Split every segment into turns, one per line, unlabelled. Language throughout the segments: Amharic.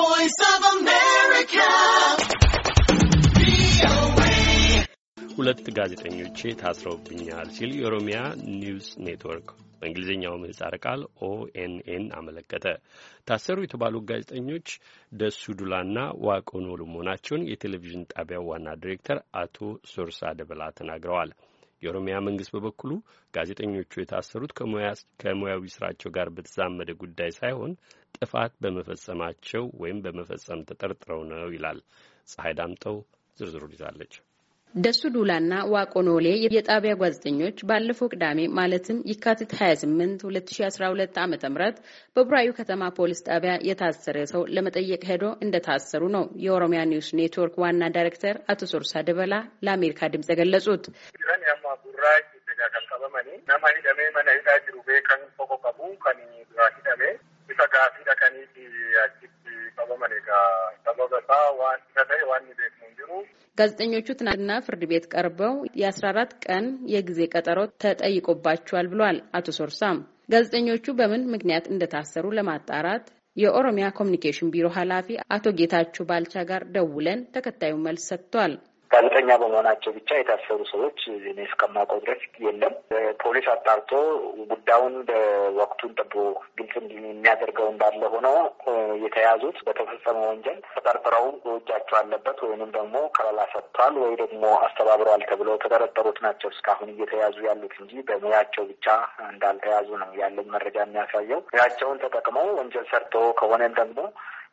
voice of America.
ሁለት ጋዜጠኞች ታስረውብኛል ሲል የኦሮሚያ ኒውስ ኔትወርክ በእንግሊዝኛው ምህጻረ ቃል ኦኤንኤን አመለከተ። ታሰሩ የተባሉ ጋዜጠኞች ደሱ ዱላና ዋቆኖ መሆናቸውን የቴሌቪዥን ጣቢያው ዋና ዲሬክተር አቶ ሶርሳ ደበላ ተናግረዋል። የኦሮሚያ መንግስት በበኩሉ ጋዜጠኞቹ የታሰሩት ከሙያዊ ስራቸው ጋር በተዛመደ ጉዳይ ሳይሆን ጥፋት በመፈጸማቸው ወይም በመፈጸም ተጠርጥረው ነው ይላል። ፀሐይ ዳምጠው ዝርዝሩን ይዛለች።
ደሱ ዱላና ዋቆኖሌ የጣቢያ ጋዜጠኞች ባለፈው ቅዳሜ ማለትም የካቲት 28 2012 ዓ ም በቡራዩ ከተማ ፖሊስ ጣቢያ የታሰረ ሰው ለመጠየቅ ሄዶ እንደታሰሩ ነው የኦሮሚያ ኒውስ ኔትወርክ ዋና ዳይሬክተር አቶ ሶርሳ ደበላ ለአሜሪካ ድምፅ የገለጹት። ጋዜጠኞቹ ትናንትና ፍርድ ቤት ቀርበው የአስራ አራት ቀን የጊዜ ቀጠሮ ተጠይቆባቸዋል ብሏል አቶ ሶርሳም። ጋዜጠኞቹ በምን ምክንያት እንደታሰሩ ለማጣራት የኦሮሚያ ኮሚኒኬሽን ቢሮ ኃላፊ አቶ ጌታቸው ባልቻ ጋር ደውለን ተከታዩን መልስ ሰጥቷል።
ጋዜጠኛ በመሆናቸው ብቻ የታሰሩ ሰዎች እኔ እስከማውቀው ድረስ የለም። ፖሊስ አጣርቶ ጉዳዩን በወቅቱን ጥቦ ግልጽ የሚያደርገው እንዳለ ሆኖ የተያዙት በተፈጸመ ወንጀል ተጠርጥረው እጃቸው አለበት ወይንም ደግሞ ከለላ ሰጥቷል ወይ ደግሞ አስተባብረዋል ተብለው ተጠረጠሩት ናቸው እስካሁን እየተያዙ ያሉት እንጂ በሙያቸው ብቻ እንዳልተያዙ ነው ያለኝ መረጃ የሚያሳየው። ሙያቸውን ተጠቅመው ወንጀል ሰርቶ ከሆነም ደግሞ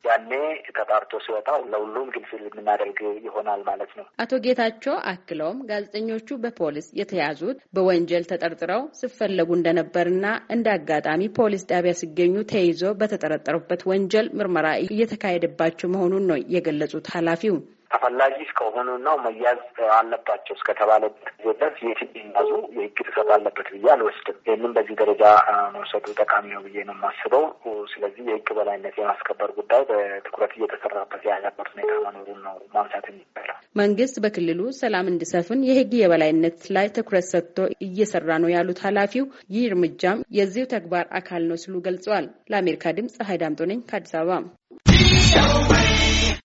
ያኔ ተጣርቶ ሲወጣ ለሁሉም ግልጽ የምናደርግ ይሆናል ማለት ነው።
አቶ ጌታቸው አክለውም ጋዜጠኞቹ በፖሊስ የተያዙት በወንጀል ተጠርጥረው ሲፈለጉ እንደነበርና እንደ አጋጣሚ ፖሊስ ጣቢያ ሲገኙ ተይዞ በተጠረጠሩበት ወንጀል ምርመራ እየተካሄደባቸው መሆኑን ነው የገለጹት ኃላፊው
ተፈላጊ እስከሆኑና መያዝ አለባቸው እስከተባለበት ጊዜ ድረስ የትም ይያዙ የህግ ጥሰት አለበት ብዬ አልወስድም። ይህንም በዚህ ደረጃ መውሰዱ ጠቃሚ ነው ብዬ ነው የማስበው። ስለዚህ የህግ በላይነት የማስከበር ጉዳይ በትኩረት እየተሰራበት ያለበት ሁኔታ መኖሩን ነው ማንሳት የሚባለው።
መንግስት በክልሉ ሰላም እንዲሰፍን የህግ የበላይነት ላይ ትኩረት ሰጥቶ እየሰራ ነው ያሉት ኃላፊው ይህ እርምጃም የዚሁ ተግባር አካል ነው ሲሉ ገልጸዋል። ለአሜሪካ ድምፅ ሀይድ አምጦ ነኝ ከአዲስ አበባ።